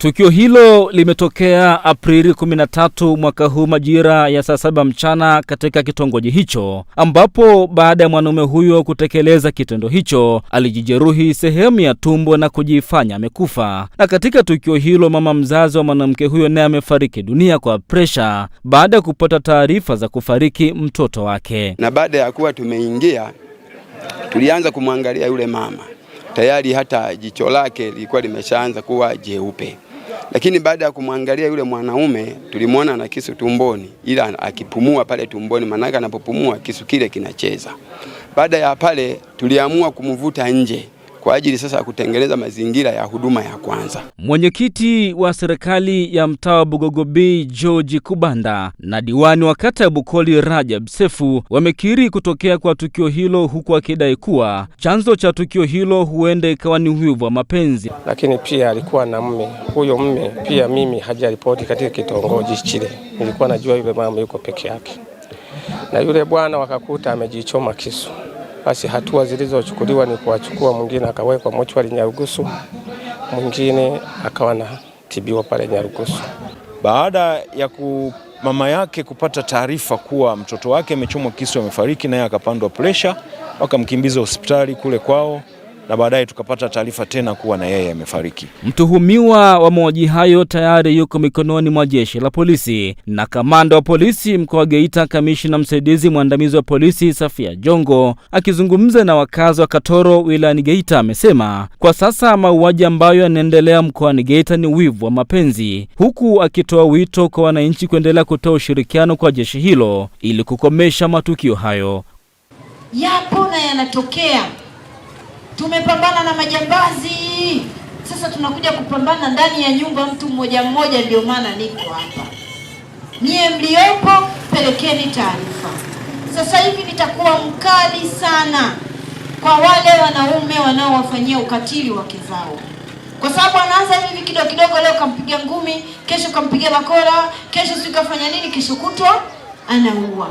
Tukio hilo limetokea Aprili 13 mwaka huu majira ya saa saba mchana katika kitongoji hicho, ambapo baada ya mwanaume huyo kutekeleza kitendo hicho alijijeruhi sehemu ya tumbo na kujifanya amekufa. Na katika tukio hilo mama mzazi wa mwanamke huyo naye amefariki dunia kwa presha baada ya kupata taarifa za kufariki mtoto wake. Na baada ya kuwa tumeingia, tulianza kumwangalia yule mama, tayari hata jicho lake lilikuwa limeshaanza kuwa jeupe. Lakini baada ya kumwangalia yule mwanaume tulimwona na kisu tumboni, ila akipumua pale tumboni, maanake anapopumua kisu kile kinacheza. Baada ya pale tuliamua kumvuta nje kwa ajili sasa ya kutengeneza mazingira ya huduma ya kwanza. Mwenyekiti wa serikali ya mtaa wa Bugogo B George Kubanda na diwani wa kata ya Bukoli Rajab Sefu wamekiri kutokea kwa tukio hilo, huku akidai kuwa chanzo cha tukio hilo huenda ikawa ni wivu wa mapenzi. Lakini pia alikuwa na mme, huyo mme pia mimi hajaripoti katika kitongoji chile, nilikuwa najua yule mama yuko peke yake, na yule bwana wakakuta amejichoma kisu basi hatua zilizochukuliwa ni kuwachukua, mwingine akawekwa mochwari Nyarugusu, mwingine akawa tibiwa pale Nyarugusu. Baada ya ku mama yake kupata taarifa kuwa mtoto wake amechomwa kisu amefariki, naye akapandwa presha, wakamkimbiza hospitali kule kwao na baadaye tukapata taarifa tena kuwa na yeye amefariki. Mtuhumiwa wa mauaji hayo tayari yuko mikononi mwa jeshi la polisi. Na kamanda wa polisi mkoa wa Geita, kamishina msaidizi mwandamizi wa polisi Safia Jongo, akizungumza na wakazi wa Katoro wilayani Geita, amesema kwa sasa mauaji ambayo yanaendelea mkoani Geita ni wivu wa mapenzi, huku akitoa wito kwa wananchi kuendelea kutoa ushirikiano kwa jeshi hilo ili kukomesha matukio hayo. Yapo na yanatokea Tumepambana na majambazi, sasa tunakuja kupambana ndani ya nyumba mtu mmoja mmoja. Ndio maana niko hapa, nyie mliopo pelekeni taarifa. Sasa hivi nitakuwa mkali sana kwa wale wanaume wanaowafanyia ukatili wake zao, kwa sababu anaanza hivi kidogo kidogo, leo kampiga ngumi, kesho kampiga bakora, kesho sikafanya nini, kesho kutwa anaua.